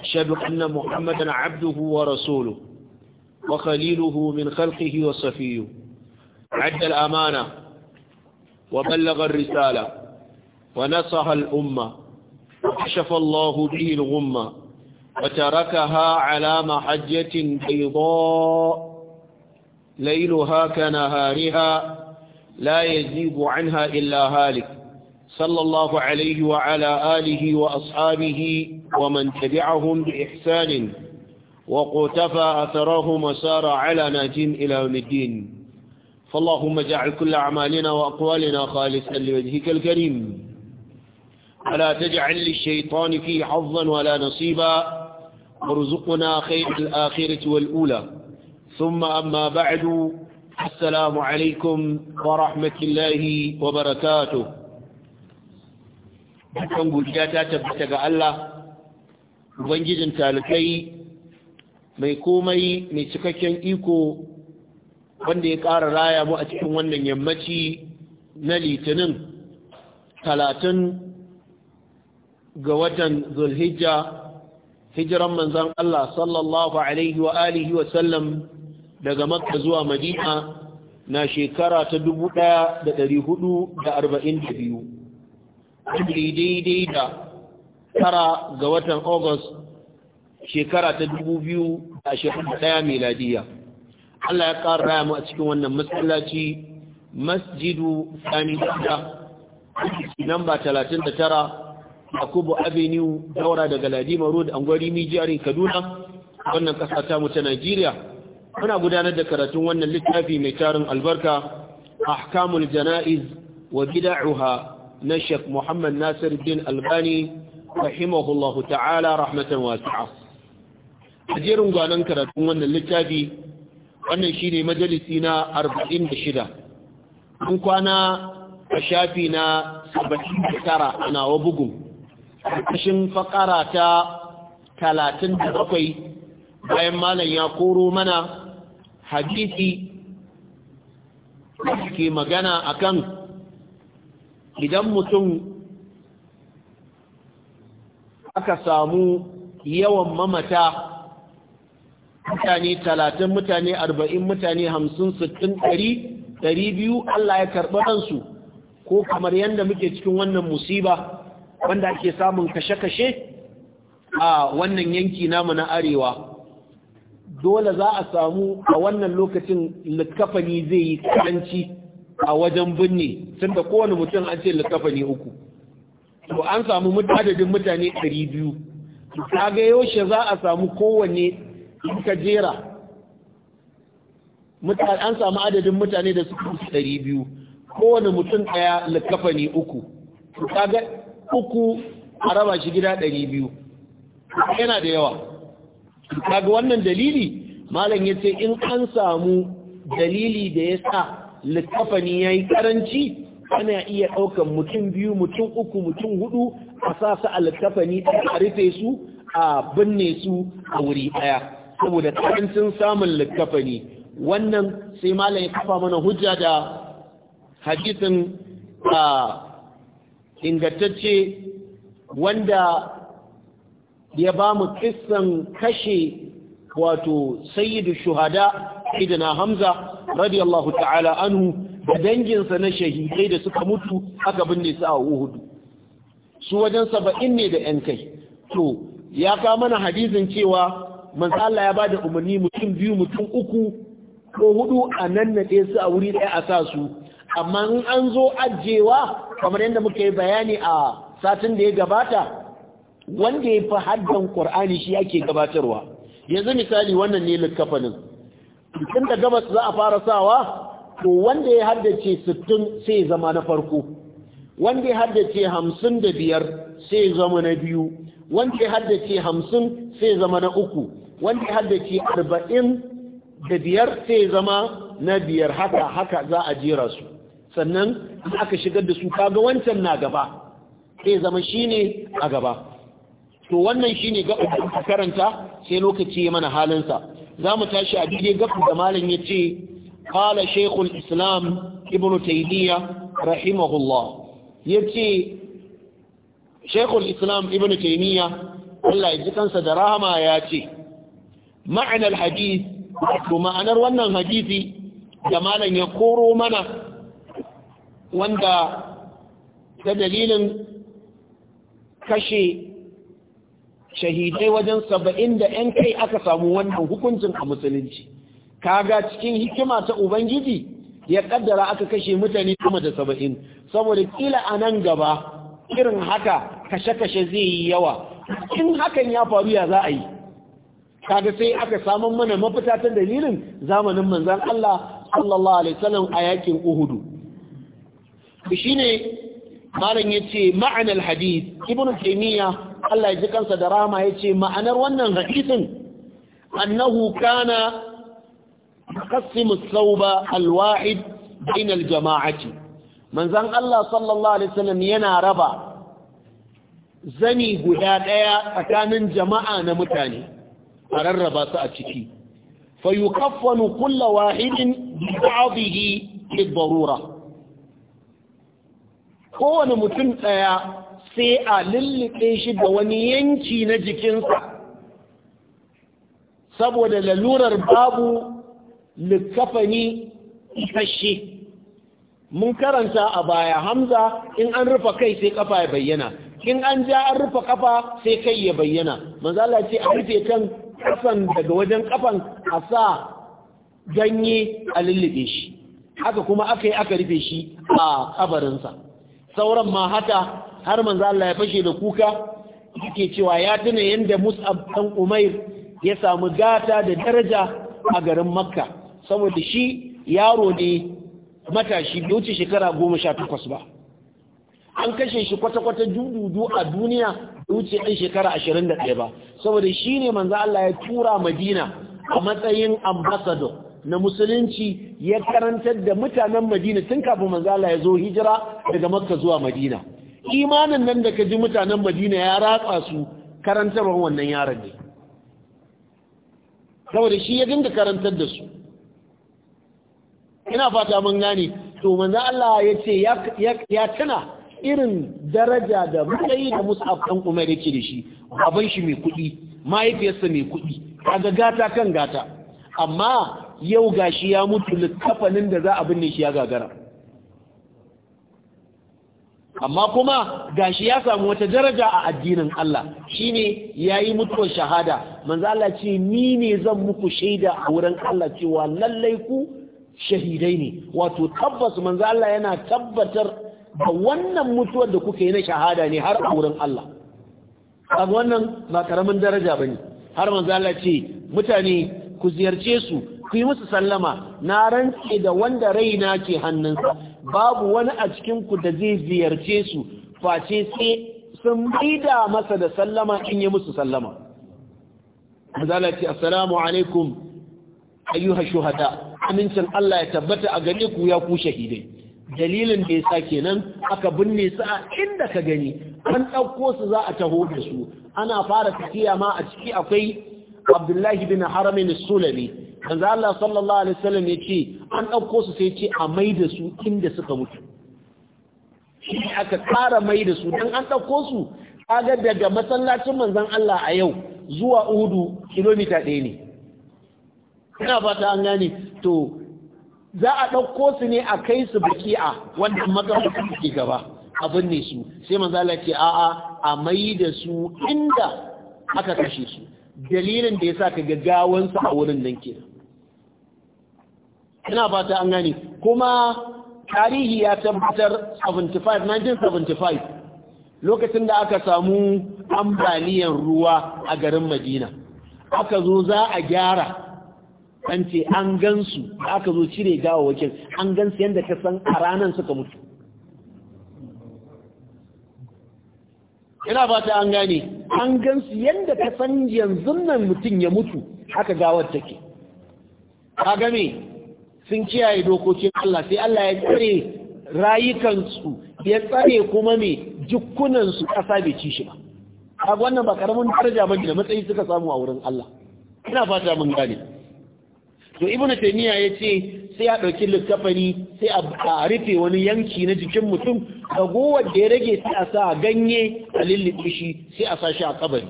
أشهد أن محمدا عبده ورسوله وخليله من خلقه وصفيه عد الأمانة وبلغ الرسالة ونصح الأمة وكشف الله به الغمة وتركها على محجة بيضاء ليلها كنهارها لا يزيد عنها إلا هالك صلى الله عليه وعلى آله وأصحابه ومن تبعهم بإحسان وقتفى أثرهم وسار على ناج إلى يوم الدين فاللهم جعل كل أعمالنا وأقوالنا خالصا لوجهك الكريم ولا تجعل للشيطان فيه حظا ولا نصيبا وارزقنا خير الآخرة والأولى ثم أما بعد السلام عليكم ورحمة الله وبركاته. Hakan gudiya ta tabbata Allah ubangijin talikai mai komai mai cikakken iko wanda ya ƙara raya mu a cikin wannan yammaci na litinin talatin ga watan zulhijja hijiran manzan Allah sallallahu alaihi wa alihi wa sallam daga makka zuwa madina na shekara ta dubu ɗaya da da ɗari hudu arba'in biyu. daidai da tara ga watan Agus shekara ta dubu biyu a shekara ɗaya meladiya. Allah ya ƙara raya mu a cikin wannan masallaci masjidu sani da nan ba talatin da tara kubu Avenue daura daga Ladima Road Angwari Mijiyari Kaduna wannan ƙasa ta mu ta Najeriya. Muna gudanar da karatun wannan littafi mai tarin albarka Ahkamul Jana'iz wa Bida'uha na Sheikh Muhammad Nasir bin Albani rahimahullahu ta'ala rahmatan wasi'a a jerin gwanon karatun wannan littafi wannan shine majalisi na 46 an kwana a shafi na 79 a nawa bugun ƙarƙashin faƙara ta 37 bayan malam ya koro mana hadisi ke magana akan idan mutum aka samu yawan mamata mutane talatin mutane arba'in mutane hamsin sittin ɗari ɗari biyu Allah ya karɓi ransu ko kamar yadda muke cikin wannan musiba wanda ake samun kashe-kashe a wannan yanki namu na arewa dole za a samu a wannan lokacin likafani zai yi karanci a wajen binne tunda kowane mutum an ce likafani uku to an samu adadin mutane 200 ga yaushe za a samu kowanne ka jera an samu adadin mutane da suka ɗari biyu kowane mutum ɗaya likafa ne uku ga uku a raba shi gida ɗari biyu yana da yawa ga wannan dalili malam ya ce in an samu dalili da ya sa ne ya yi karanci ana iya ɗaukan mutum biyu mutum uku mutum hudu a sa su a littafani a rufe su a binne su a wuri ɗaya saboda karancin samun littafani wannan sai malam ya kafa mana hujja da hadisin a ingantacce wanda ya ba mu kissan kashe wato sayyidu shuhada idana hamza radiyallahu ta'ala anhu da danginsa na shahidai da suka mutu aka binne su a uhudu su wajen saba'in ne da ‘yan kai to ya ka mana hadizin cewa manzo Allah ya da umarni mutum biyu mutum uku ko hudu a nan na su a wuri ɗaya a sa su amma in an zo ajewa kamar yadda muka yi bayani a satin da ya gabata wanda ya fi haddan ƙwar'ani shi ake gabatarwa yanzu misali wannan ne likkafanin tun da gabas za a fara sawa to wanda ya haddace sittin sai zama na farko wanda ya haddace hamsin da biyar sai zama na biyu wanda ya haddace hamsin sai zama na uku wanda ya haddace arba'in da biyar sai zama na biyar haka haka za a jera su sannan in aka shigar da su kaga wancan na gaba sai zama shine a gaba to wannan shine ga karanta sai lokaci ya mana halinsa za mu tashi a daidai gafu da malam ya ce قال شيخ الإسلام ابن تيمية رحمه الله يتي شيخ الإسلام ابن تيمية الله يجكن صدرها ما ياتي معنى الحديث ومعنى وانا الحديث جمالا يقول منا وانا تدليل kashe shahidai wajen saba'in da 'yan kai aka samu wannan hukuncin a musulunci kaga cikin hikima ta ubangiji ya kaddara aka kashe mutane kuma da saba'in saboda kila a nan gaba irin haka kashe-kashe zai yi yawa in hakan ya faru ya za a yi kaga sai aka samun mana mafita ta dalilin zamanin manzan Allah sallallahu alaihi wasallam a yakin Uhudu shine malam yace ma'anar hadith ibnu taymiya Allah ya ji kansa da ya ce ma'anar wannan hadisin annahu kana yuqassimu thawba alwahid bayna aljama'ati manzon Allah sallallahu alaihi wasallam yana raba zani guda daya tsakanin jama'a na mutane a rarraba su a ciki fa yukaffanu kullu wahidin bi ba'dihi lid darura kowane mutum daya sai a lullube shi da wani yanki na jikinsa saboda lalurar babu likafani isasshe mun karanta a baya hamza in an rufa kai sai kafa ya bayyana in an ja an rufa kafa sai kai ya bayyana manzala ce a rufe kan ƙasan daga wajen kafan a sa ganye a lullube shi haka kuma aka yi aka rufe shi a kabarinsa sauran ma haka har manzala ya fashe da kuka yake cewa ya tuna yanda mus'ab dan umair ya samu gata da daraja a garin makka saboda shi yaro ne matashi da wuce shekara goma sha takwas ba an kashe shi kwata-kwata dududu a duniya da wuce ɗan shekara ashirin da ɗaya ba saboda shi ne manza Allah ya tura madina a matsayin ambassador na musulunci ya karantar da mutanen madina tun kafin manza Allah ya zo hijira daga makka zuwa madina imanin nan da ka ji mutanen madina ya ratsa su karantarwar wannan yaron ne saboda shi ya dinga karantar da su ina fata mun gane to manzo Allah ya ce ya tuna irin daraja da matsayi da Mus'ab dan Umar yake da shi abin shi mai kuɗi mahaifiyarsa mai kuɗi kaga gata kan gata amma yau gashi ya mutu littafanin da za a binne shi ya gagara amma kuma gashi ya samu wata daraja a addinin Allah shine yayi mutuwar shahada manzo Allah ce ni ne zan muku shaida a wurin Allah cewa lallai ku shahidai ne wato tabbas manzo Allah yana tabbatar da wannan mutuwar da kuka yi na shahada ne har a wurin Allah kaga wannan ba karamin daraja bane har manzo Allah ce mutane ku ziyarce su ku yi musu sallama na rantse da wanda raina ke hannunsa babu wani a cikin ku da zai ziyarce su face sai sun bida masa da sallama in yi musu sallama manzo Allah ce assalamu alaikum ayyuha shuhada amincin Allah ya tabbata a gane ku ya ku shahidai dalilin da yasa kenan aka binne su a inda ka gani an ɗauko su za a taho da su ana fara tafiya ma a ciki akwai Abdullahi bin Haramin Sulami manzo Allah sallallahu alaihi wasallam yace an ɗauko su sai ce a mai da su inda suka mutu shi aka fara mai da su dan an ɗauko su kaga daga masallacin manzon Allah a yau zuwa Uhud kilomita ɗaya ne ina fata an gane to za a ɗauko su ne a kai su a wannan makamakon ke gaba abin ne su sai manzala ce a'a a mai da su inda aka kashe su dalilin da ya sa ka gaggawansu a wurin nan ke ina fata an gane kuma tarihi ya tabbatar 75 1975 lokacin da aka samu ambaliyar ruwa a garin madina aka zo za a gyara an ce an gansu aka zo cire gawawakin an gansu yadda ka san a ranar suka mutu ina ba ta an gane an gansu yadda ka san yanzu nan mutum ya mutu haka gawar take ka game sun kiyaye dokokin Allah sai Allah ya tsare rayukansu ya tsare kuma mai jikunansu ƙasa bai ci shi ba A wannan ba karamin daraja ba da matsayi suka samu a wurin Allah ina fata mun gane to ibnu taymiya ce sai a ɗauki littafani sai a rufe wani yanki na jikin mutum gowar da ya rage sai a sa ganye a lillibe shi sai a sa shi a kabari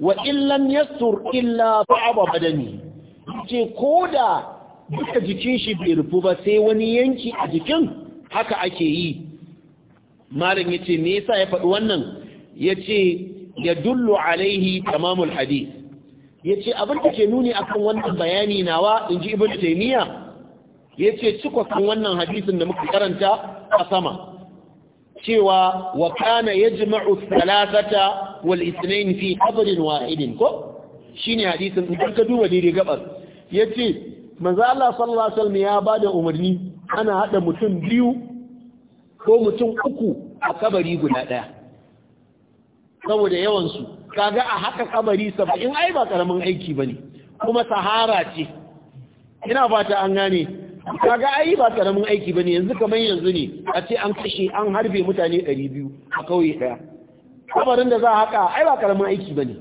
wa illam yastur illa ba'da badani ce koda duka jikin shi bai rufu ba sai wani yanki a jikin haka ake yi malam yace me yasa ya faɗi wannan Ya ce yace yadullu alaihi tamamul hadith Ya ce abin da ke nuni akan wannan bayani nawa inji ibnu ya yace cikwa kan wannan hadisin da muka karanta a sama cewa wa kana jima'u salatata wal isnain fi qabrin wahidin ko Shi shine hadisin in ka duba daidai gabar yace ce Allah sallallahu alaihi wasallam ya bada umarni ana hada mutum biyu ko mutum uku a kabari guda ɗaya. saboda yawansu. su kaga a haka kabari saba'in ai ba karamin aiki bane kuma sahara ce ina fata an gane kaga ai ba karamin aiki bane yanzu kamar yanzu ne a ce an kashe an harbe mutane 200 a kauye daya kabarin da za a haka ai ba karamin aiki bane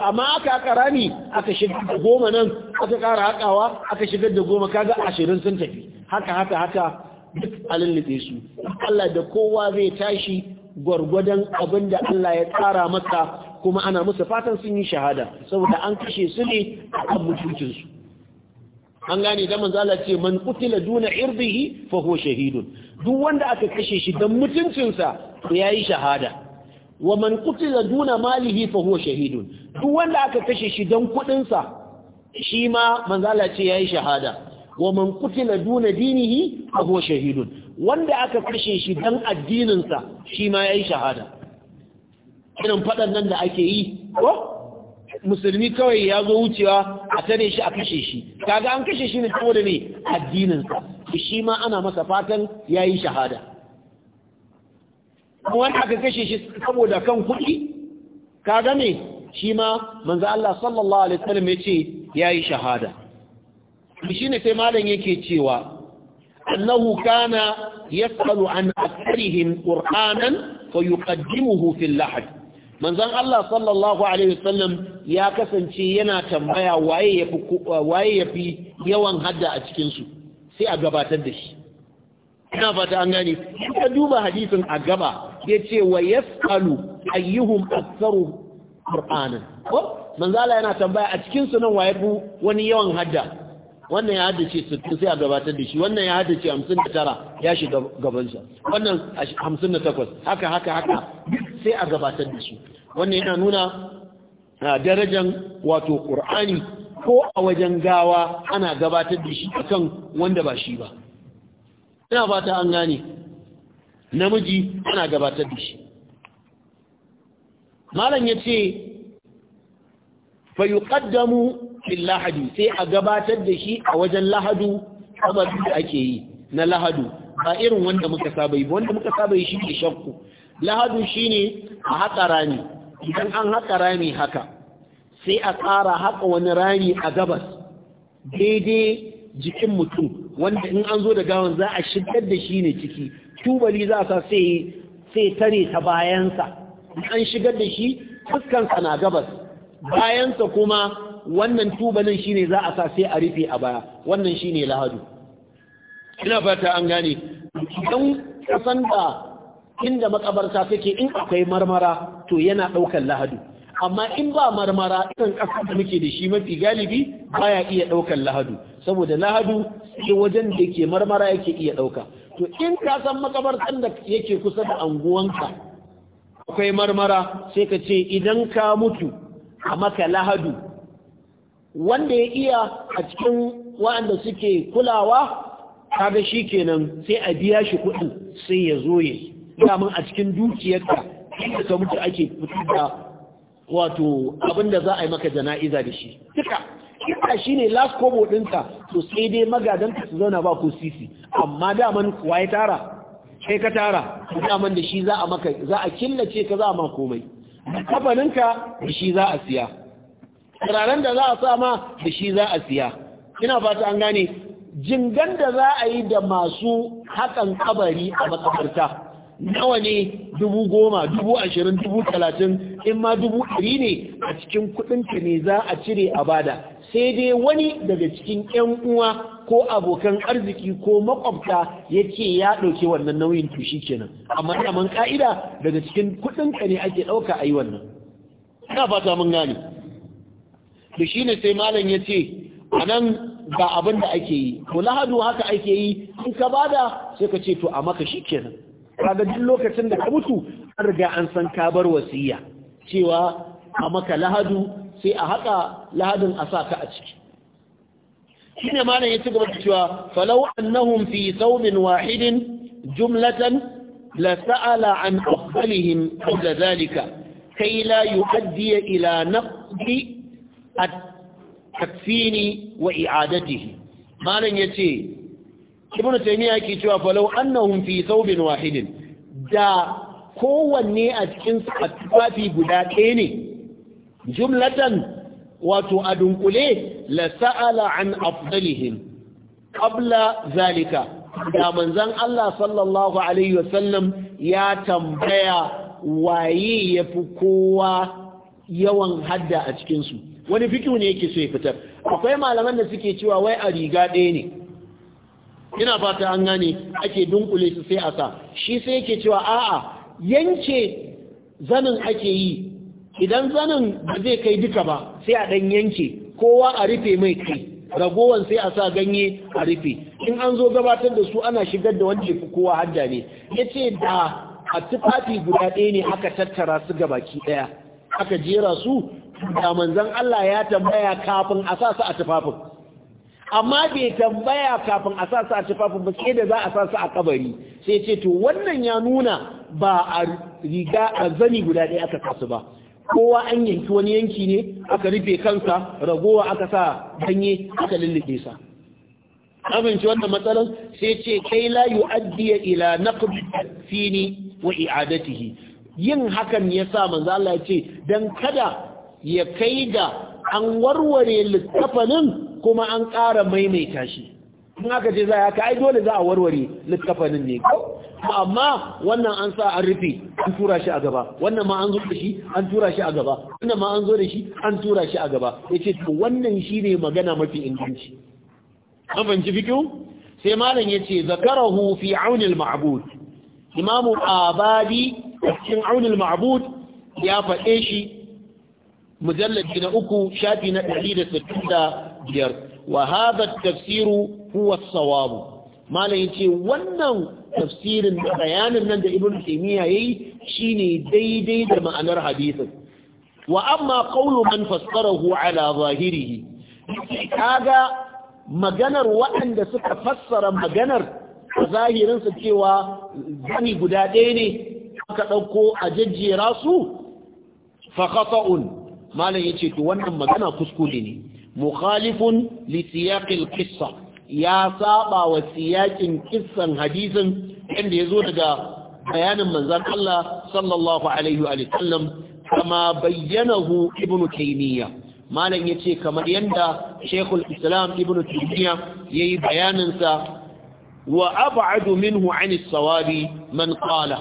amma aka aka rami aka shigar da goma nan aka kara hakawa aka shigar da goma kaga ashirin sun tafi haka haka haka duk alin su Allah da kowa zai tashi gwargwadon abin da Allah ya tsara maka kuma ana musu fatan sun yi shahada saboda an kashe su ne a kan mutuncinsu an gane da manzo Allah ce man qutila duna irdihi fa huwa shahidun duk wanda aka kashe shi dan mutuncinsa to yayi shahada wa man qutila duna malihi fa huwa shahidun duk wanda aka kashe shi dan kudinsa shi ma manzo Allah ce yayi shahada wa man qutila duna dinihi fa huwa shahidun wanda aka kashe shi dan addininsa shi ma ya yi shahada irin faɗan nan da ake yi ko musulmi kawai ya zo wucewa a tare shi a kashe shi kaga an kashe shi ne saboda ne addininsa shi ma ana masa fatan ya yi shahada wanda aka kashe shi saboda kan kuɗi kaga ne shi ma manzo Allah sallallahu alaihi wasallam ya ce ya yi shahada shi ne sai malam yake cewa أنه كان يسأل عن أكثرهم قرآنا فيقدمه في اللحد من ذن الله صلى الله عليه وسلم يا كسن شينا تنبيا waye yafi yawan hadda a cikinsu sai a gabatar da shi ina fata an gane ka duba hadisin a gaba ya ce wa yas'alu ayyuhum aktsaru qur'anan ko yana tambaya a cikin su nan waye wani yawan hadda wannan ya haddace sittin sai a gabatar da shi wannan ya haddace tara ya shiga gabansa wannan hamsin takwas haka haka haka sai a gabatar da shi wannan yana nuna ah, darajan wato Ƙur'ani ko a wajen gawa ana gabatar da shi kan wanda ba shi ba ina fata an gane namiji ana gabatar da shi malam ce. fayuqaddamu fil lahadi sai a gabatar da shi a wajen lahadu kamar da ake yi na lahadu ba irin wanda muka saba yi wanda muka saba yi shine shakku lahadu shine a haƙa rami idan an haƙa rami haka sai a ƙara haƙa wani rami a gabas daidai jikin mutum wanda in an zo da gawan za a shigar da shi ne ciki tubali za sa sai tare ta bayansa in an shigar da shi fuskansa na gabas bayansa kuma wannan tubalin shine za a sa sai a rufe a baya wannan shine lahadu ina fata an gane idan kasan da inda makabarta take in akwai marmara to yana ɗaukan lahadu amma in ba marmara irin kasan da muke da shi mafi galibi baya iya ɗaukan lahadu saboda lahadu sai wajen da ke marmara yake iya ɗauka to in ka san makabartan da yake kusa da anguwanka akwai marmara sai ka ce idan ka mutu a maka lahadu wanda ya iya a cikin wa'anda suke kulawa kaga shi kenan sai a biya shi kuɗin sai ya zo ya a cikin dukiyarka inda ka mutu ake fitar da wato abinda za a yi maka jana'iza da shi duka ita shi ne last kobo ɗinka to sai dai magadanka su zauna ba ko sisi amma daman kuwa ya tara kai ka tara daman da shi za a maka za killace ka za a ma komai kafaninka da shi za a siya turaren da za a sama da shi za a siya ina fata an gane jingan da za a yi da masu haƙan kabari a makabarta nawa ne dubu goma dubu ashirin dubu talatin in ma dubu ɗari ne a cikin kuɗinka ne za a cire a bada sai dai wani daga cikin 'yan uwa ko abokan arziki ko makwabta ya ce ya ɗauke wannan nauyin tushi kenan amma daman ka'ida daga cikin kuɗinka ne ake ɗauka a yi wannan ina fata mun gane da shi sai malam ya ce a nan ga abin da ake yi to lahadu haka ake yi in ka bada sai ka ce to a maka shi kenan kaga duk lokacin da ka mutu an riga an san ka bar wasiya cewa a maka lahadu sai a haƙa lahadin a sa ka a ciki shi ne malam ya ci gaba da cewa falau annahum fi thawbin wahidin jumlatan la sa'ala an afdalihim qabla zalika kai la yuaddi ila naqdi at-takfini wa i'adatihi malam yace ibn taymiya yake cewa falau annahum fi thawbin wahidin da kowanne a cikin tufafi guda ɗaya ne jumlatan wato a dunkule la sa'ala an afdalihim qabla zalika da manzon Allah sallallahu alaihi wasallam ya tambaya waye yafi kowa yawan hadda a cikin su wani fikihu ne yake so ya fitar akwai malaman da suke cewa wai a riga ɗaya ne ina fata an gane ake dunkule su sai a sa shi sai yake cewa a'a yance zanin ake yi idan zanin ba zai kai duka ba sai a ɗan yanke kowa a rufe mai kai ragowar sai a sa ganye a rufe in an zo gabatar da su ana shigar da wanda fi kowa hadda ne ya ce da a tufafi guda ɗaya ne aka tattara su ga baki ɗaya aka jera su da manzan Allah ya tambaya kafin a sa su a tufafin amma bai tambaya kafin a sa su a tufafin ba sai da za a sa su a kabari sai ce to wannan ya nuna ba a riga a zani guda ɗaya aka kasu ba kowa an yanki wani yanki ne aka rufe kansa ragowa aka sa ganye aka lullube sa amince wannan matsalar sai ce kai la yu'addi ila naqd fini wa i'adatihi yin hakan ya sa manzo Allah ce dan kada ya kai ga an warware littafanin kuma an ƙara maimaita shi in aka ce za a ka ai dole za a warware littafanin ne amma wannan an sa an rufe an tura shi a gaba wannan ma an zo da shi an tura shi a gaba wannan ma an zo da shi an tura shi a gaba ya ce to wannan shi ne magana mafi inganci an fahimci kyau sai malam ya ce zakarahu fi aunil Ma'abud, imamu abadi a cikin aunil Ma'abud ya faɗe shi mujallabi na uku shafi na ɗari da sittin da biyar wa hadha tafsiru huwa as-sawab malam yace wannan tafsirin da bayanin nan da ibnu taymiya yayi shine daidai da ma'anar hadisin wa amma qawlu man fassarahu ala zahirihi kaga maganar waɗanda suka fassara maganar a zahirinsa cewa zani guda ɗaya ne aka ɗauko a jajjera su faƙasa'un malam ya ce to wannan magana kuskure ne mukhalifun li siyaqil qissa ya saba wa siyakin kissan hadisin inda yazo daga bayanin manzon Allah sallallahu alaihi wa sallam kama bayyanahu ibnu taymiya malam yace kamar yanda shaykhul islam ibnu taymiya yayi bayanin sa wa ab'adu minhu 'an as-sawabi man qala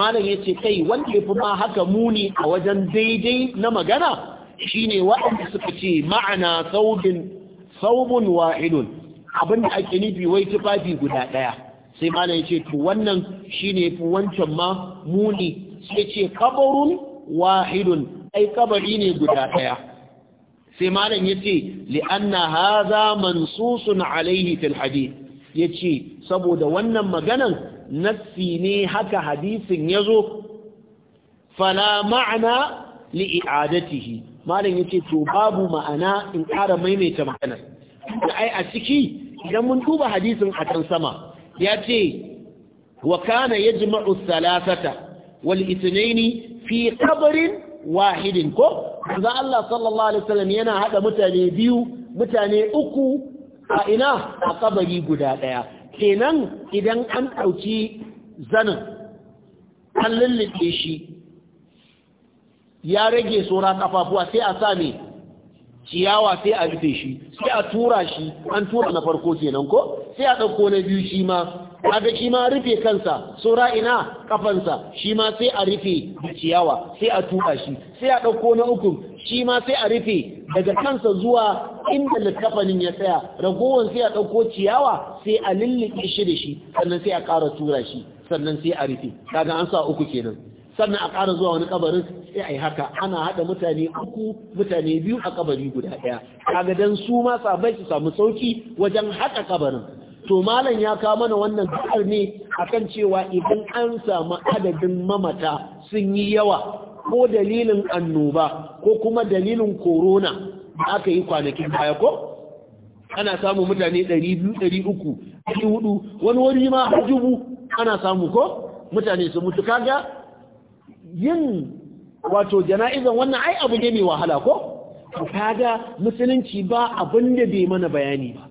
malam yace kai wanda yafi ma haka muni a wajen daidai na magana shine waɗanda suka ce ma'ana saubin saubun wahidun abin ake nufi wai tufafi guda ɗaya sai malam ya ce to wannan shine fi wancan ma muni sai ce kabarun wahidun ai kabari ne guda ɗaya sai malam ya ce li'anna haza mansusun alaihi fil hadith ya ce saboda wannan maganan nassi ne haka hadisin ya zo fala ma'ana li'adatihi malam yace to babu ma'ana in ƙara maimaita da ai a ciki idan mun duba hadisin a kan sama yace wa kana yajma'u thalathata wal ithnaini fi qabrin wahidin ko manzo Allah sallallahu alaihi wasallam yana hada mutane biyu mutane uku a ina a kabari guda daya kenan idan an dauki zanin an lullube shi ya rage tsora kafafuwa sai a sami ciyawa sai a rufe shi sai a tura shi an tura na farko kenan ko sai a ɗauko na biyu shi ma kaga shi ma rufe kansa tsora ina kafansa shi ma sai a rufe da ciyawa sai a tura shi sai a ɗauko na uku shi ma sai a rufe daga kansa zuwa inda littafanin ya tsaya ragowar sai a ɗauko ciyawa sai a lullube shi da shi sannan sai a ƙara tura shi sannan sai a rufe kaga an sa uku kenan sannan a ƙara zuwa wani kabarin sai a yi haka ana haɗa mutane uku mutane biyu a kabari guda ɗaya kaga dan su ma sabai su samu sauki wajen haɗa kabarin to malam ya kawo mana wannan da'ar ne akan cewa idan an samu adadin mamata sun yi yawa ko dalilin annoba ko kuma dalilin korona da aka yi kwanakin baya ko ana samu mutane ɗari ɗari biyu, uku, ɗari hudu. wani wuri ma hajjubu ana samu ko mutane su mutu kaga yin wato jana'izan wannan ai abu ne mai wahala ko kaga musulunci ba abin da bai mana bayani ba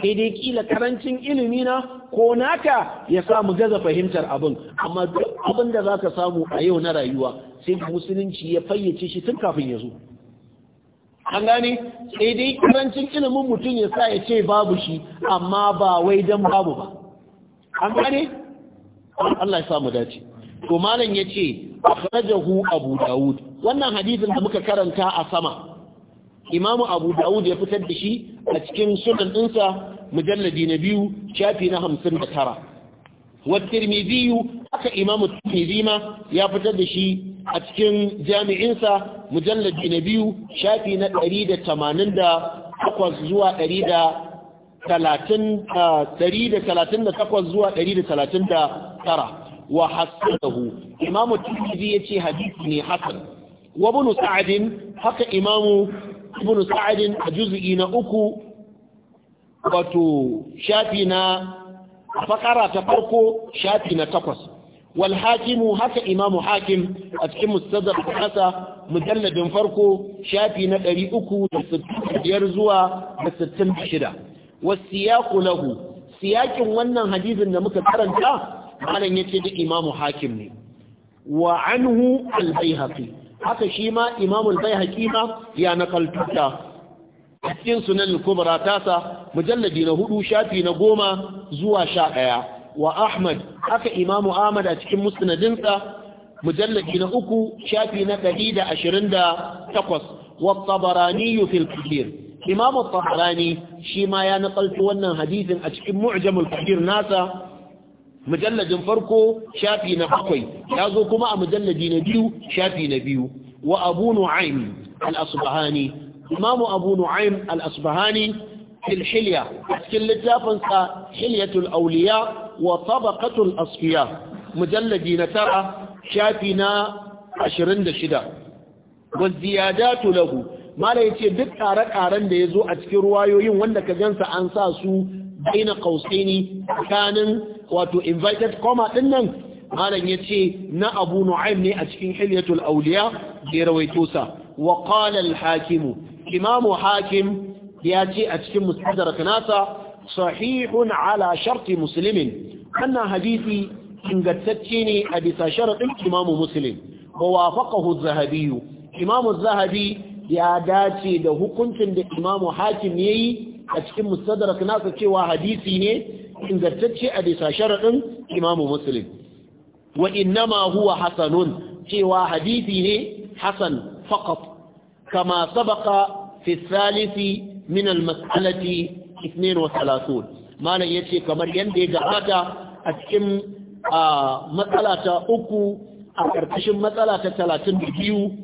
sai dai kila karancin ilimi na ko naka ya sa mu gaza fahimtar abin amma duk abin da zaka samu a yau na rayuwa sai musulunci ya fayyace shi tun kafin ya zo an gane sai dai karancin ilimin mutum ya sa ya ce babu shi amma ba wai dan babu ba an gane Allah ya sa mu dace to malam yace akhrajahu abu wannan hadisin da muka karanta a sama imamu abu daud ya fitar da shi a cikin sunan dinsa mujalladi na biyu shafi na 59 wa tirmidhi aka imamu tirmidhi ma ya fitar da shi a cikin jami'insa mujalladi na biyu shafi na 188 zuwa 138 ah, zuwa 139 wa hasanahu imamu tirmidhi yace hadisi ne hasan wa ibn sa'd haka imamu ibn sa'd a juz'i na uku wato shafi na fakara ta farko shafi na takwas wal hakimu haka imamu hakim a cikin mustadrak mujalladin farko shafi na 365 zuwa 66 wasiyaqu lahu siyakin wannan hadisin da muka karanta malam yace da imamu hakim ne wa anhu al-baihaqi haka shi ma imamu al-baihaqi ma ya nakaltuta cikin sunan al-kubra tasa mujalladi na hudu shafi na goma zuwa sha daya wa ahmad haka imamu ahmad a cikin musnadinsa mujalladi na uku shafi na 128 wa tabarani fi al-kabir imamu tabarani shi ma ya nakaltu wannan hadisin a cikin mu'jamul kabir nasa mujalladin farko shafi na bakwai ya zo kuma a mujalladi na biyu shafi na biyu wa abu nu'aym al-asbahani imamu abu nu'aym al-asbahani fil cikin littafinsa hilyatul awliya wa tabaqatul asfiya mujalladi na tara shafi na 26 wa ziyadatu lahu mala yace duk ƙare-ƙaren da ya zo a cikin ruwayoyin wanda ka gansa an sa su baina qausaini tsakanin wato invited comma din nan malam yace na Abu Nu'aym ne a cikin Hilyatul Awliya da rawaito sa wa qala al-Hakim Imam Hakim ya ce a cikin Mustadrak nasa sahihun ala sharti muslimin anna hadisi ingantacce ne a bisa sharadin Imam Muslim wa wafaqahu az-Zahabi Imam az-Zahabi ya dace da hukuncin da Imam Hakim yayi a cikin mustadrak nasa cewa hadisi ne ingantacce a bisa sharadin imamu muslim wa innama huwa hasanun cewa hadisi ne hasan faqat kama sabaka fi thalisi min al-mas'alati 32 malan yace kamar yanda ya gabata a cikin matsala ta uku a ƙarƙashin matsala ta 32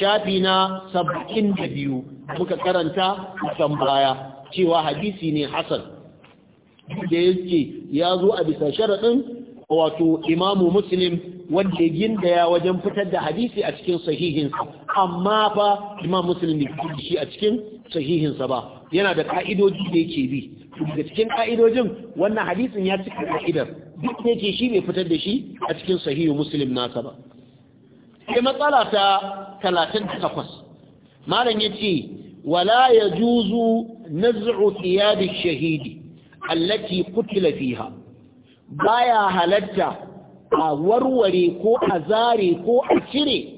shafi na 72 muka karanta a baya cewa hadisi ne hasan da yake ya zo a bisa sharaɗin wato imamu muslim wanda ginda ya wajen fitar da hadisi a cikin sahihinsa amma ba imam muslim ne shi a cikin sahihinsa ba yana da ka'idoji da yake bi daga cikin ka'idojin wannan hadisin ya cika ka'idar duk da yake shi bai fitar da shi a cikin sahihu muslim nasa ba sai matsala ta 38 malam yace wala yajuzu naz'u thiyab ash-shahid allati qutila fiha baya halarta a warware ko a zare ko a cire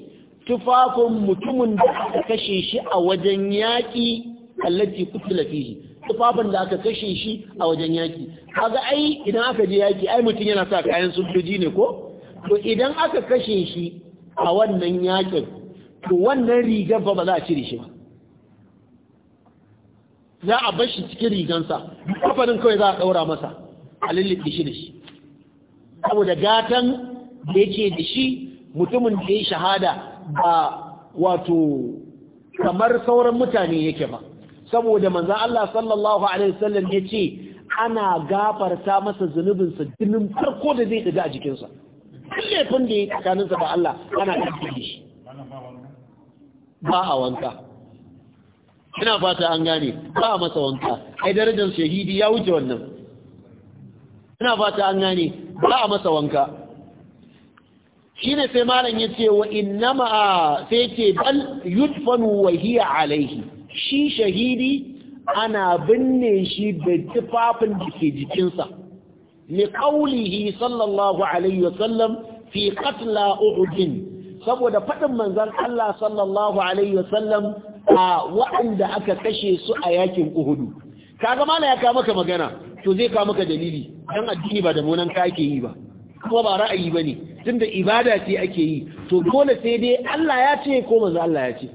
tufafin mutumin da aka kashe shi a wajen yaƙi allati qutila fihi tufafin da aka kashe shi a wajen yaki kaga ai idan aka je yaki ai mutum yana sa kayan sojoji ne ko to idan aka kashe shi a wannan yakin to wannan rigar ba ba za a cire shi ba za a bar shi cikin rigansa kafanin kawai za a ɗaura masa a lullube shi da shi saboda gatan da yake da shi mutumin da ya shahada ba wato kamar sauran mutane yake ba saboda manzan Allah sallallahu Alaihi wasallam ya ce ana gafarta masa zunubinsa jinin farko da zai ɗiga a jikinsa laifin da ya tsakaninsa ba' Allah ana ɗan shi ba a wanka ina fata an gane ba a masa wanka ai darajar shahidi ya wuce wannan ina fata an gane ba a masa wanka ne sai malam ce wa ma'a sai ce bal yutfanu wa hiya alaihi shi shahidi ana binne shi da tufafin da ke jikinsa li qawlihi sallallahu alaihi wasallam fi qatla uhud saboda faɗin manzon Allah sallallahu alaihi wasallam a waɗanda aka kashe su a yakin Uhudu kaga mala ya kawo maka magana to zai kawo maka dalili dan addini ba da munan ka ake yi ba kuma ba ra'ayi bane tunda ibada ce ake yi to dole sai dai Allah ya ce ko manzo Allah ya ce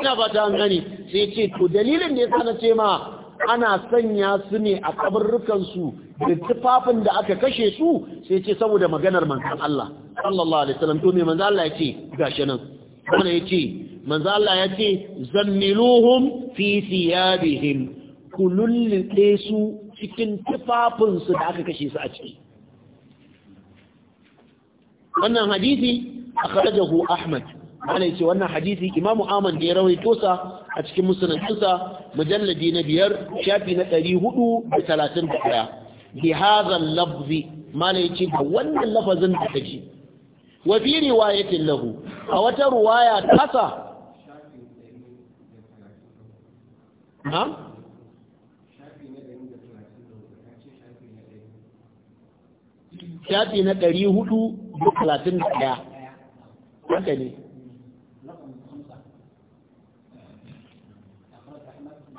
ina fata an gane sai ce to dalilin da yasa na ce ma ana sanya su ne a kabarrukansu da tufafin da aka kashe su sai ce saboda maganar manzan Allah sallallahu alaihi wasallam to me manzan Allah ya ce gashi nan wanda ya ce manzan Allah ya ce fi thiyabihim kululli su cikin tufafinsu da aka kashe su a ciki wannan hadisi akhrajahu Ahmad ana yace wannan hadisi Imam Ahmad da ya rawaito sa a cikin musnadinsa mujalladi na biyar shafi na 431 bi hadha al-lafzi mala yace da wannan lafazin da kaji wa bi riwayatin lahu a wata riwaya tasa shafi na 431 haka ne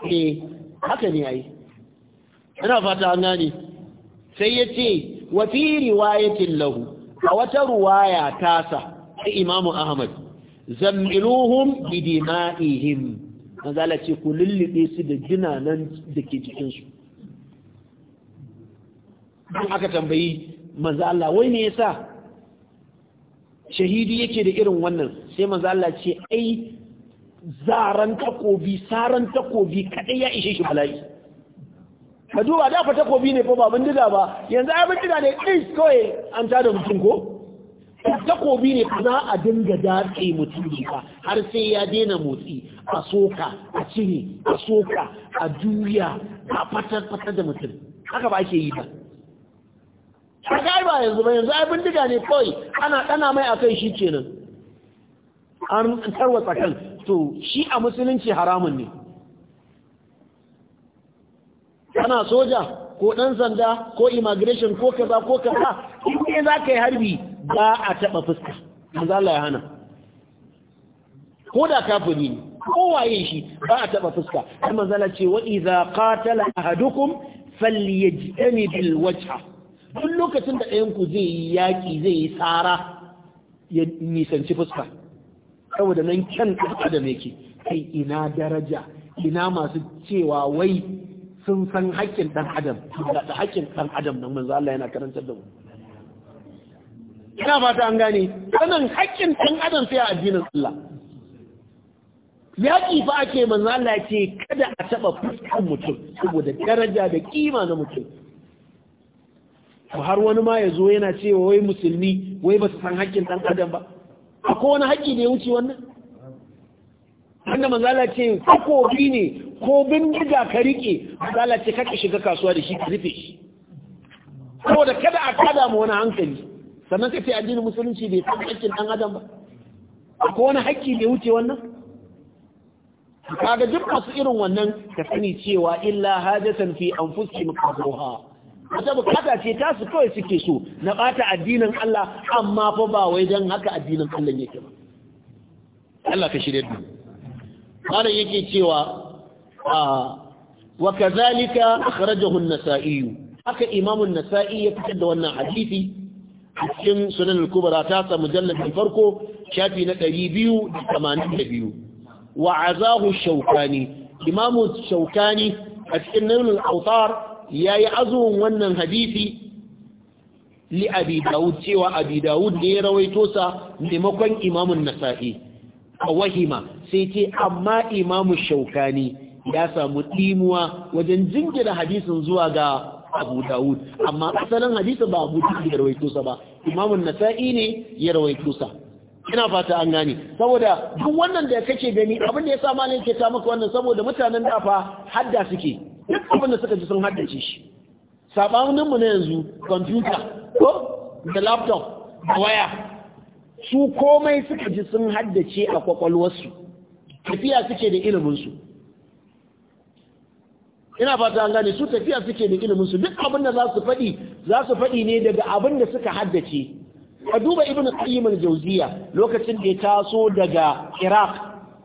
ne eh, haka ne ai ina fata an gane sai yace ce wa fi riwayatin lahu a wata ruwaya tasa ta imamu ahmad zammiluhum bi dima'ihim manzala ce ku lullube su da jinanan da ke jikinsu don aka tambayi manzo Allah wai me yasa shahidi yake da irin wannan sai manzo Allah ce ai zaran takobi saran takobi kadai ya ishe shi bala'i ka duba da takobi ne ko ba bindiga ba yanzu ai bindiga ne ɗin kawai an tada mutum ko takobi ne ka za a dinga dace mutum ne har sai ya daina motsi a soka a cire a soka a juya a fatar fatar da mutum haka ba ake yi ba a kai ba yanzu ba yanzu ai bindiga ne kawai ana ɗana mai kai shi kenan an tarwatsa kan to shi a musulunci haramun ne kana soja ko ɗan sanda ko immigration ko kaza ko kaza in za ka yi harbi ba a taɓa fuska mazala ya hana ko da kafiri ne kowaye shi ba a taɓa fuska har mazala ce wa iza qatala ahadukum falyajtani bil wajha duk lokacin da ɗayanku zai yi yaƙi zai yi tsara ya nisanci fuska saboda nan kyan adam yake kai ina daraja ina masu cewa wai sun san haƙƙin ɗan adam da haƙƙin ɗan adam nan manzo Allah yana karantar da mu ina fata an gane sanin haƙƙin ɗan adam sai a addinin Allah yaƙi fa ake manzo Allah ce kada a taɓa fuskar mutum saboda daraja da kima na mutum har wani ma ya zo yana cewa wai musulmi wai ba su san haƙƙin ɗan adam ba akwai wani haƙƙi da ya wuce wannan wanda mazala ce takobi ne ko bindiga ka riƙe mazala ce kaka shiga kasuwa da shi ka rufe shi saboda kada a kada mu wani hankali sannan ka ce addinin musulunci bai san haƙƙin ɗan adam ba akwai wani haƙƙi da ya wuce wannan kaga duk masu irin wannan ka sani cewa illa hajatan fi anfusihim qadruha wata bukata ce ta su kawai suke so na bata addinin Allah amma fa ba wai dan haka addinin Allah yake ba Allah ka shirye da kana yake cewa a ah, wa kazalika akhrajahu an-nasa'i haka imamun nasai ya fitar da wannan hadisi a cikin sunan al-kubra ta sa mujallad farko shafi na 282 wa azahu shawkani imam shawkani a cikin nawl al-awtar ya yi azumin wannan hadisi li abi dawud cewa abi dawud ne ya rawaito sa maimakon imamun nasa'i wahima sai ce amma imamu shaukani ya samu ɗimuwa wajen jingina hadisin zuwa ga abu dawud amma asalin hadisin ba abu dawud ya rawaito sa ba imamun nasa'i ne ya rawaito sa ina fata an gane saboda duk wannan da kake gani abin da ya sa malai ke ta maka wannan saboda mutanen dafa fa hadda suke duk abin da suka ji sun haddace shi sabanin mu na yanzu kwamfuta ko da laptop da waya su komai suka ji sun haddace a kwakwalwarsu tafiya suke da iliminsu ina fata an gane su tafiya suke da iliminsu duk abin da za su faɗi za su faɗi ne daga abin da suka haddace a duba ibn qayyim al-jawziya lokacin da ya taso daga iraq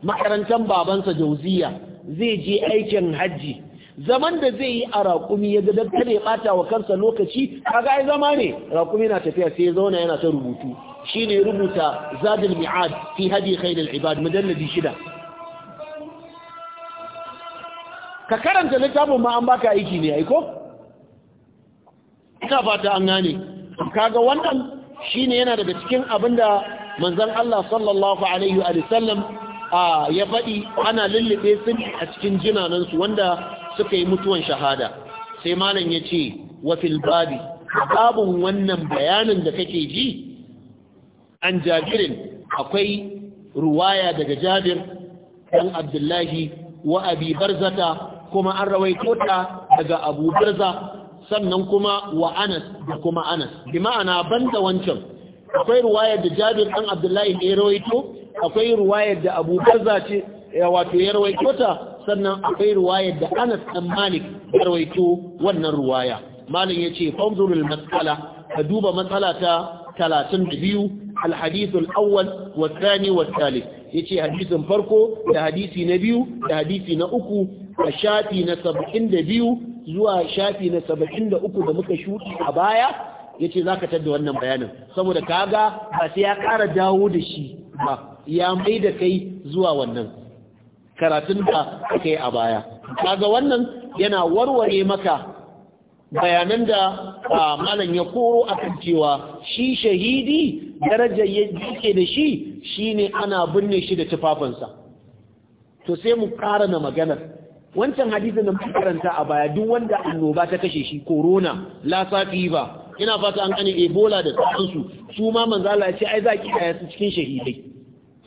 makarantar babansa jauziya zai je aikin hajji zaman da zai yi a raƙumi ya ga ya ɓata wa kansa lokaci kaga ai zama ne raƙumi na tafiya sai ya zauna yana ta rubutu shi ne rubuta zadul mi'ad fi hadi khairul ibad mujalladi shida ka karanta littafin ma an baka aiki ne aiko ina fata an gane kaga wannan shine yana daga cikin da manzon Allah sallallahu alaihi wa sallam ya faɗi ana lullube su a cikin jinanansu wanda suka yi mutuwan shahada sai malam ya ce wa babi babun wannan bayanin da kake ji an jabirin akwai ruwaya daga jabir ɗan abdullahi wa abi barzata kuma an rawaito ta daga abu barza sannan kuma wa anas da kuma anas bi ma'ana banda wancan akwai ruwayar da jabir ɗan abdullahi ya rawaito akwai ruwayar da abu barza ce wato ya rawaito ta sannan akwai ruwayar da Anas ɗan Malik ya rawaito wannan ruwaya. Malam ya ce, "Fanzurul matsala, ka duba matsala ta 32, alhadisul awwal wa tsani wa tsali." Ya ce, "Hadisun farko da hadisi na biyu da hadisi na uku a shafi na 72 zuwa shafi na 73 da muka shuɗi a baya?" Ya ce, "Za ka tadda wannan bayanin." Saboda ka ga, ba sai ya ƙara dawo da shi ba, ya mai da kai zuwa wannan. karatun ka kai a baya kaga wannan yana warware maka bayanan da malam ya koro a kan cewa shi shahidi darajar yake da shi shine ana binne shi da tufafinsa to sai mu ƙara na maganar wancan hadisin da muka karanta a baya duk wanda annoba ta kashe shi corona lasafi ba, ina fata an kane ebola da sauransu su ma manzala ya ce ai za ki kaya su cikin shahidai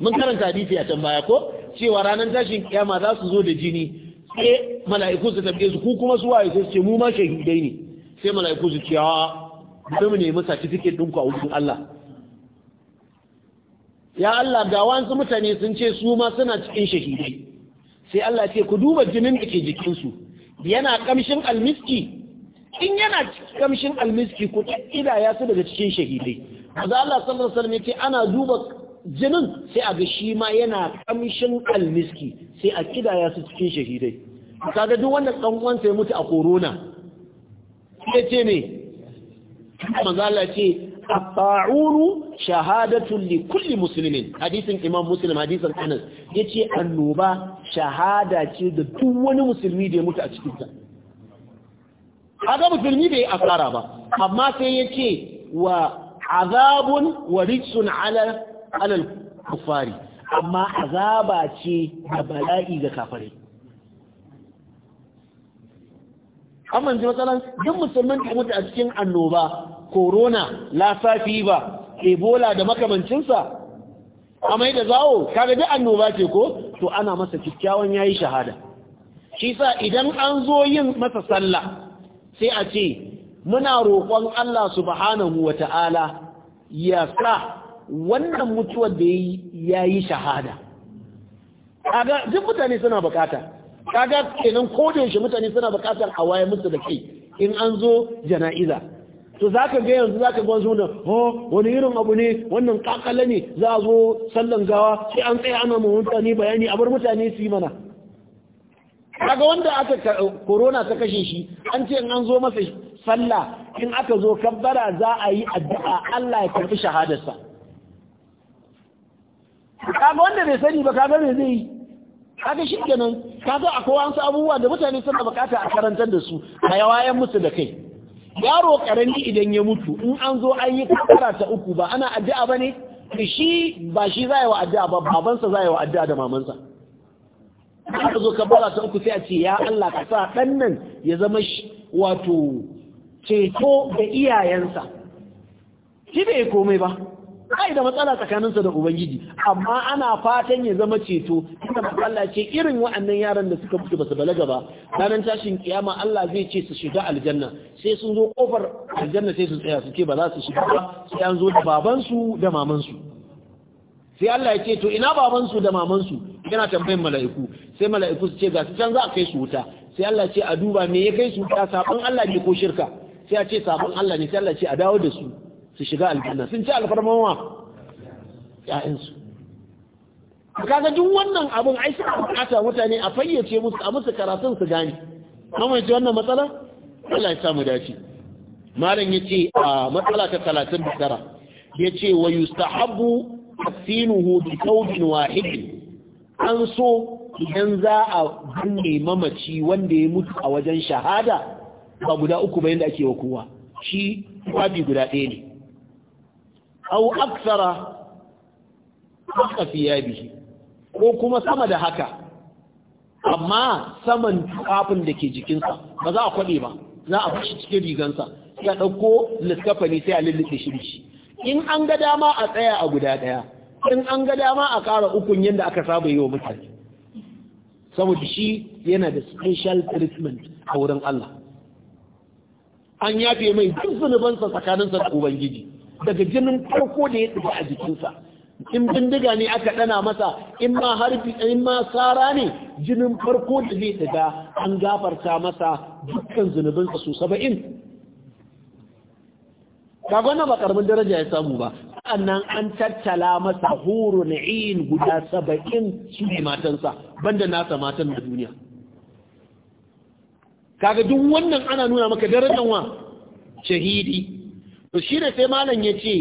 mun karanta hadisi a can baya ko cewa ranar tashin kiyama za su zo da jini sai mala'iku su tabbe su ku kuma su waye sai su ce mu ma shahidai ne sai mala'iku su ce a bari mu nemi certificate ɗinku a wurin Allah ya Allah ga wasu mutane sun ce su ma suna cikin shahidai sai Allah ce ku duba jinin da ke jikinsu yana kamshin almiski in yana kamshin almiski ku ya su daga cikin shahidai maza Allah sallallahu alaihi wasallam ce ana duba jinin sai a ga shi ma yana kamshin almiski sai a kidaya su cikin shahidai kaga duk wannan dan uwan ya mutu a corona sai ce ne manzo Allah ce ta'uru shahadatu li kulli muslimin hadisin imam muslim hadisin Anas yace annoba shahada ce da duk wani musulmi da ya mutu a cikin ta kaga musulmi bai asara ba amma sai yace wa azabun wa rijsun ala alal kufari amma azaba ce da bala'i ga kafare amma ji matsalan duk musulman da mutu a cikin annoba corona lasafi ba ebola da makamancinsa amai da zawo kaga duk annoba ce ko to ana masa kikkiawan yayi shahada shi sa idan an zo yin masa sallah sai a ce muna roƙon Allah subhanahu wata'ala ya sa wannan mutuwar da ya yi shahada kaga duk mutane suna bukata kaga kenan ko shi mutane suna bukatar a waye musu da ke in an zo jana'iza to za ka ga yanzu ka ga wannan oh wani irin abu ne wannan kakala ne za a zo sallan gawa sai an tsaya ana ma mutane bayani a bar mutane su yi mana kaga wanda aka korona ta kashe shi an ce in an zo masa sallah in aka zo kabbara za a yi addu'a Allah ya karbi shahadarsa kaga wanda bai sani ba kaga me zai yi kaga shi kenan kaga akwai wasu abubuwa da mutane suna bukata a karantar da su a yawayen musu da kai yaro karami idan ya mutu in an zo an yi kakara ta uku ba ana addu'a ba ne shi ba shi za wa addu'a ba babansa za wa addu'a da mamansa ka zo kabara ta uku sai a ce ya Allah ka sa ɗan nan ya zama wato ceto da iyayensa shi bai komai ba ai da matsala tsakaninsa da ubangiji amma ana fatan ya zama ceto inda matsala ce irin wa'annan yaran da suka mutu basu balaga ba ranar tashin kiyama Allah zai ce su shiga aljanna sai sun zo kofar aljanna sai su tsaya su ce ba za su shiga ba sai an zo da babansu da mamansu sai Allah ya ce to ina babansu da mamansu yana tambayin mala'iku sai mala'iku su ce ga su can za a kai su wuta sai Allah ce a duba me ya kai su wuta sabon Allah ne ko shirka sai a ce sabon Allah ne sai Allah ce a dawo da su su shiga aljanna sun ci alfarman wa ƴaƴansu kaga duk wannan abun ai suna bukata mutane a fayyace musu a musu karatun su gane mai ji wannan matsala Allah ya samu dace malam yace a matsala ta 39 yace wa yustahabu tafsinuhu bi thawbin wahid an so idan za a binne mamaci wanda ya mutu a wajen shahada ba guda uku bayan da ake wa kowa shi kwafi guda ɗaya ne au aksara haka fiyabi ko kuma sama da haka amma saman kafin da ke jikinsa ba za a kwaɗe ba za a fashi cikin rigansa ya ɗauko liskafani sai a lullube shi in an ga dama a tsaya a guda ɗaya in an ga dama a ƙara ukun yadda aka saba yi wa mutane saboda shi yana da special treatment a wurin Allah an yafe mai duk zunubansa tsakaninsa da Ubangiji daga jinin farko da ya ɗuba a jikinsa in bindiga ne aka ɗana masa in ma harfi in ma tsara ne jinin farko da zai daga an gafarta masa dukkan zunubinsa su saba'in kagwana ba karamin daraja ya samu ba sannan an tattala masa horo na iyin guda saba'in su ne matansa banda nasa matan da duniya kaga duk wannan ana nuna maka darajan wa shahidi to shi ne sai malam ya ce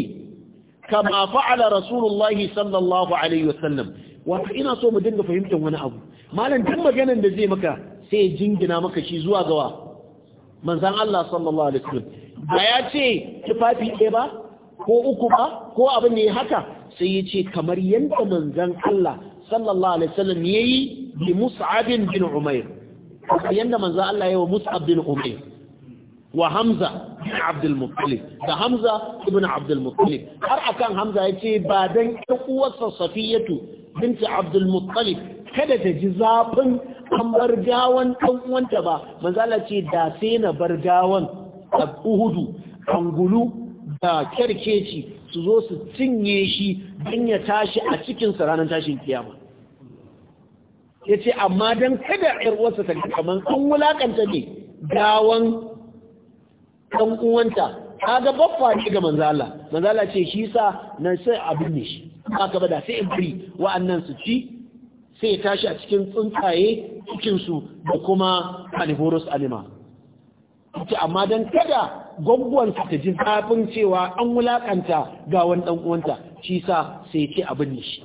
kama fa'ala rasulullahi sallallahu alaihi wasallam wato ina so mu dinga fahimtar wani abu malam duk maganar da zai maka sai jingina maka shi zuwa gawa manzan Allah sallallahu alaihi wasallam ba ya ce tufafi ɗaya ba ko uku ba ko abin ne haka sai ya ce kamar yadda manzan Allah sallallahu alaihi wasallam yayi bi Mus'ab bin Umair yadda manzan Allah yi wa Mus'ab bin Umair wa Hamza bin Abdul da Hamza ibn Abdul har akan Hamza yace ba dan ƴar uwarsa Safiyatu binti Abdul kada ta ji zafin an bar gawan ɗan uwanta ba manzala ce da sai na bar gawan a Uhudu angulu da kerkeci su zo su cinye shi don ya tashi a cikin ranar tashin kiyama yace amma don kada ‘yar'uwarsa ta kamar an wulakanta ne gawan ɗan uwanta kaga baffa ne ga Manzala. Manzala ce shi sa na sai abin ne shi aka bada sai in bari wa'annan su ci sai ya tashi a cikin tsuntsaye cikin da kuma carnivorous animal ita amma dan kada gwaggwan ta ji zafin cewa an wulakanta ga wani ɗan uwanta shi sa sai ya ce abin ne shi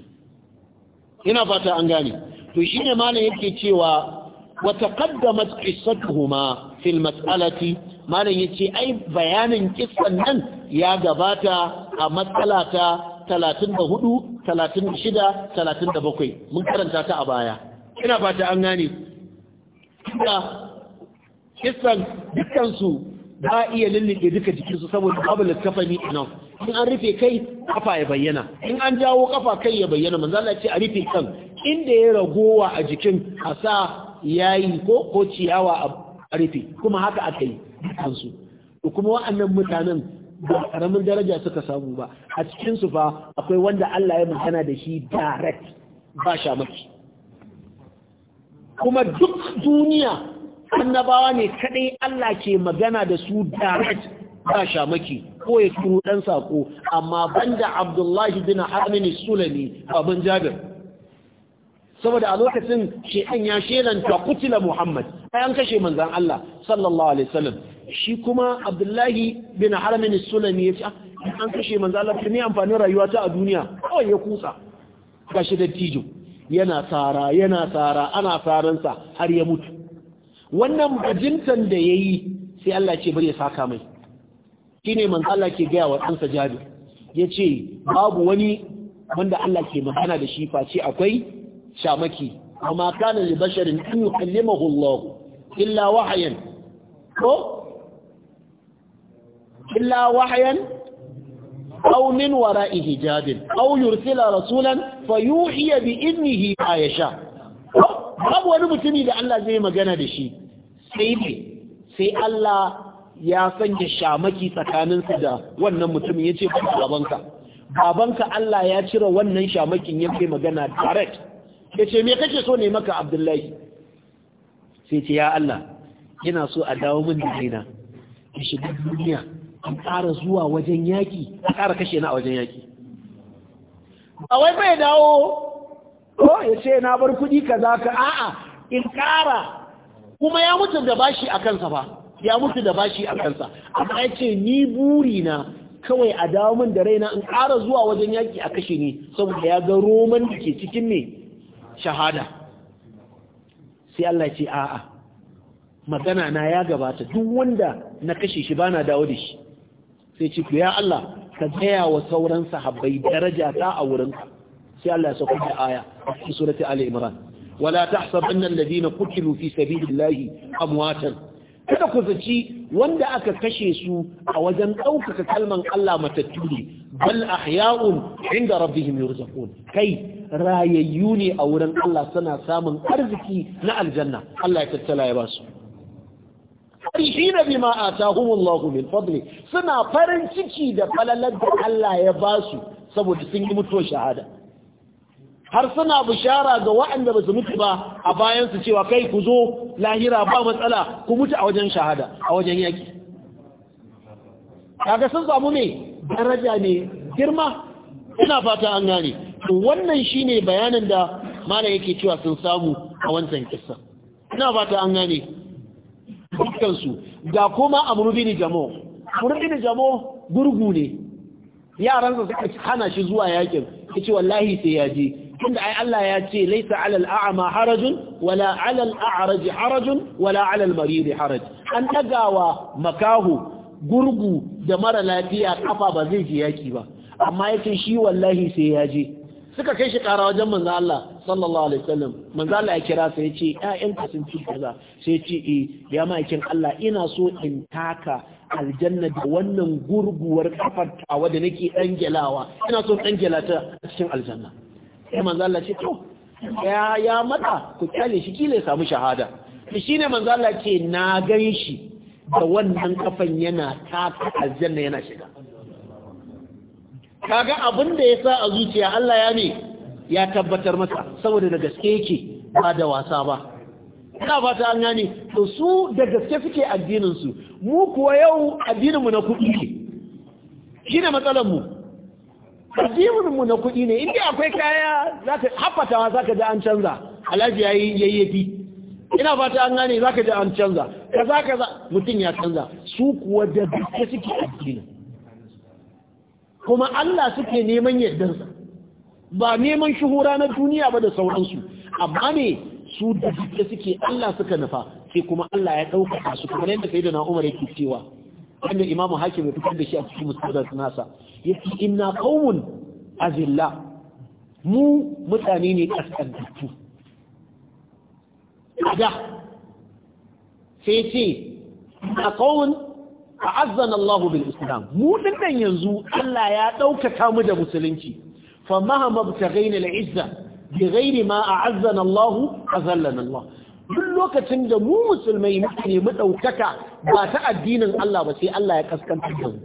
ina fata an gane to shine malam yake cewa wata wa taqaddamat qissatuhuma fil mas'alati malam ya ce ai bayanin kisan nan ya gabata a matsala ta 34 36 37 mun karanta ta a baya ina fata an gane kisa kisan dukkan ba iya lullube duka jikinsu saboda babu littafani enough in an rufe kai kafa ya bayyana in an jawo kafa kai ya bayyana manzo Allah ce a rufe kan inda ya ragowa a jikin a sa yayi ko ko ciyawa a rufe kuma haka aka yi kansu to kuma wa'annan mutanen ba karamin daraja suka samu ba a cikin su fa akwai wanda Allah ya magana da shi direct ba sha maki kuma duk duniya annabawa ne kadai Allah ke magana da su direct ba sha maki ko ya turo dan sako amma banda Abdullahi bin Amin Sulami baban Jabir saboda a lokacin shekan ya shelanta kutila muhammad bayan kashe manzan Allah sallallahu alaihi wasallam shi kuma abdullahi bin haramin sulami ya ce ah, an kashe manzan Allah ne amfanin rayuwa ta a duniya kawai ya kutsa gashi dattijo yana tsara yana tsara ana tsaransa har ya mutu wannan bajintan da ya yi sai Allah ce bari ya saka mai shi ne manzan Allah ke gaya wa ɗansa jabi ya ce babu wani wanda Allah ke magana da shi face akwai shamaki amma kana li basharin an yukallimahu Allah illa wahayan ko illa wahayan aw min wara'i hijabin aw yursila rasulan fayuhiya bi idnihi ma yasha babu wani mutumi da Allah zai magana da shi sai sai Allah ya sanya shamaki tsakaninsu da wannan mutumin ya ce babanka babanka Allah ya cire wannan shamakin ya kai magana direct ya ce me kake so ne maka abdullahi sai ce ya Allah yana so a dawo min da kaina ya shiga duniya an tsara zuwa wajen yaƙi a tsara kashe na a wajen yaƙi a wai bai dawo ko oh, ya ce na bar kuɗi ka za ka a'a in ƙara kuma ya mutu da bashi a kansa ba ya mutu da bashi a kansa amma ya ce ni buri na kawai a dawo min da raina in ƙara zuwa wajen yaƙi a kashe ni saboda ya ga roman da ke cikin ne shahada sai Allah ce a'a magana na ya gabata duk wanda na kashe shi bana dawo da shi sai ce ya Allah ka gaya wa sauran sahabbai daraja ta a wurin sai Allah ya sauka da aya a cikin surati Ali Imran wala tahsab anna alladhina qutilu fi sabilillahi amwatan kada ku zaci wanda aka kashe su a wajen ɗaukaka kalman Allah matattu ne bal ahya'un inda rabbihim yurzaqun kai rayayyu ne a wurin Allah suna samun arziki na aljanna Allah ya tattala ya basu farihina bima atahum Allah min fadli suna farin ciki da falalar da Allah ya basu saboda sun yi mutuwar shahada har suna bishara ga waɗanda ba su mutu ba a bayansu cewa kai ku zo lahira ba matsala ku mutu a wajen shahada a wajen yaki kaga sun samu ne daraja ne girma ina fata an gane to wannan shine bayanin da mana yake cewa sun samu a wancan kissa ina fata an gane dukkan su ga kuma amru bin jamo amru bin jamo gurgu ne yaransa suka hana shi zuwa yakin yace wallahi sai ya je tunda ai Allah ya ce laisa alal a'ma harajun wala alal a'raj harajun wala alal marid haraj an dagawa makahu gurgu da mara lafiya kafa ba zai je yaki ba amma yake shi wallahi sai ya je suka kai shi kara wajen manzo Allah sallallahu alaihi wasallam manzo Allah ya kira sai ya ce ƴaƴanka sun ci kaza sai ya ce eh ya ma'aikin Allah ina so in taka aljanna da wannan gurguwar kafar tawa da nake dangelawa ina so dangela ta cikin aljanna sai manzo Allah ce to ya mata ku kyale shi kila ya samu shahada shi ne manzo ce na gan shi da wannan kafan yana taka aljanna yana shiga kaga abin da ya sa a zuciya Allah ya ne ya tabbatar masa saboda da gaske yake ba da wasa ba ina fata an gane to su da gaske suke addinin su mu kuwa yau addinin mu na kuɗi ne shine matsalar mu mu na kuɗi ne inda akwai kaya za ka haffatawa za ka ji an canza alhaji ya yi yayyafi ina fata an gane za ka ji an canza ka za mutum ya canza su kuwa da gaske suke addini kuma Allah suke neman yardansa ba neman shuhura na duniya ba da sauransu amma ne su da gaske suke Allah suka nafa, sai kuma Allah ya ɗauka su kuma yadda sai da na Umar yake cewa wanda imamu hakim ya fitar da shi a cikin musulmat nasa ya ce inna qaumun azilla mu mutane ne kaskantattu da sai ce inna qaumun a'azzana Allah bil islam mu dinnan yanzu Allah ya ɗaukaka mu da musulunci fa mahama ta al izza bi ghairi ma a'azzana Allah azallana Allah duk lokacin da mu musulmai muka nemi ɗaukaka ba ta addinin Allah ba sai Allah ya kaskanta da mu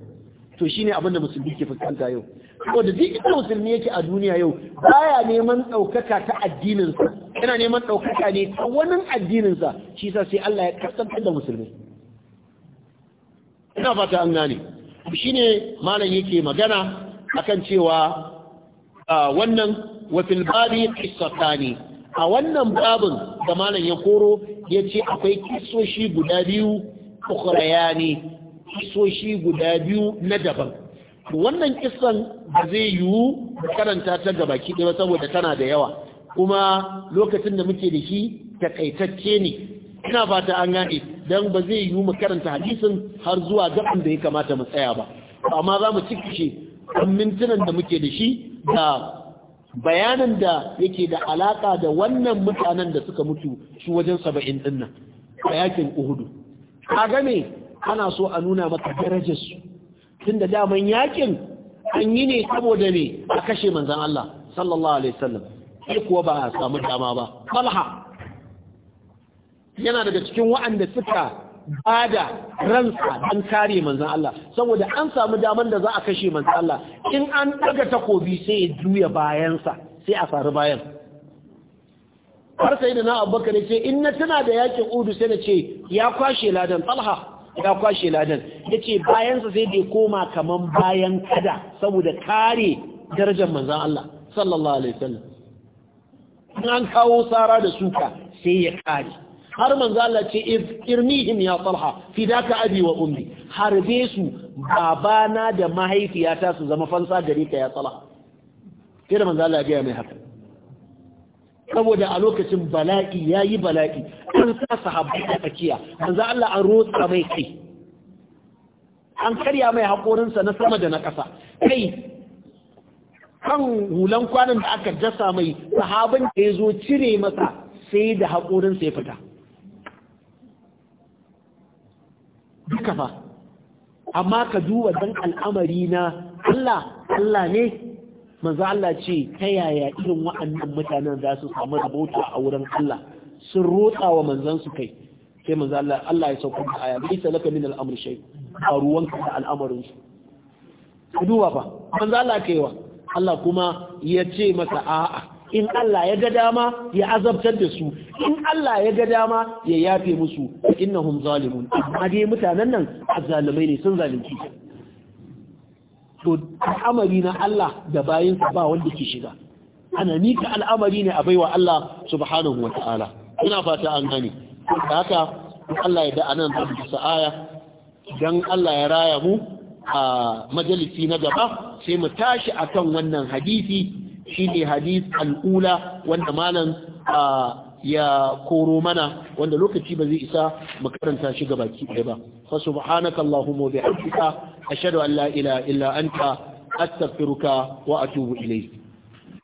to shine abin da musulmi ke fuskanta yau saboda duk inda musulmi yake a duniya yau baya neman ɗaukaka ta addinin sa yana neman ɗaukaka ne ta wani addinin sa shi sai Allah ya kaskanta da musulmi ina fata an gane shine malam yake magana akan cewa ah, wannan wa fil babi qissatani a wannan babin da malam ya koro ya ce akwai kisoshi guda biyu ne, kisoshi guda biyu na daban wannan kisan da zai yiwu karanta ta gaba ki ɗaya saboda tana da yawa kuma lokacin da muke da shi takaitacce ne ina fata an gane don ba zai yiwu mu karanta hadisin har zuwa gaban da ya kamata mu tsaya ba amma za mu cike shi mintunan da muke da shi da bayanin da yake da alaƙa da wannan mutanen da suka mutu su wajen saba'in dinnan nan a yakin uhudu kaga me ana so a nuna maka darajar su da daman yakin an yi ne saboda ne a kashe manzan Allah sallallahu alaihi wasallam sai kuwa ba a samu dama ba falha yana daga cikin wa'anda suka ba ransa don kare manzan Allah saboda an samu damar da za a kashe manzan Allah in an daga takobi sai ya juya bayansa sai a faru bayan har sai da na abubakar ce in na tana da yakin udu sai na ce ya kwashe ladan talha ya kwashe ladan ya ce bayansa sai da koma kamar bayan kada saboda kare darajar manzan Allah sallallahu alaihi wasallam in an kawo sara da suka sai ya kare har manzo Allah ce irmihim ya talha daka abi wa ummi harbe su babana da mahaifiyata su zama fansa gare ka ya talha sai da manzo Allah ya mai haka saboda a lokacin bala'i yayi bala'i an sa sahabbai a tsakiya manzo Allah an rotsa mai kai an karya mai hakorinsa na sama da na ƙasa kai kan hulan kwanan da aka jasa mai sahabin da ya zo cire masa sai da haƙorinsa ya fita duka fa amma ka duba dan al'amari na Allah Allah ne manzo Allah ce ta yaya irin waɗannan mutanen za su samu rubutu a wurin Allah sun rotsa wa manzon su kai sai manzo Allah Allah ya sauko da aya bisa laka min al'amri shay a ruwan ka al'amarin su ku duba fa manzo Allah kaiwa Allah kuma ya ce masa a'a in Allah ya ga dama ya azabtar da su in Allah ya ga dama ya yafe musu innahum zalimun amma dai mutanen nan azzalumai ne sun zalunci to al'amari na Allah da bayinsa ba wanda ke shiga ana mika al'amari ne a baiwa Allah subhanahu wa ta'ala ina fata an gani da haka Allah ya da anan da sa'aya dan Allah ya raya mu a majalisi na gaba sai mu tashi akan wannan hadisi shine hadith al'ula wanda malam ya koro mana wanda lokaci ba zai isa mu karanta shi ga baki ɗaya ba fa subhanaka allahumma bihamdika ashhadu an la ilaha illa anta astaghfiruka wa atubu ilayk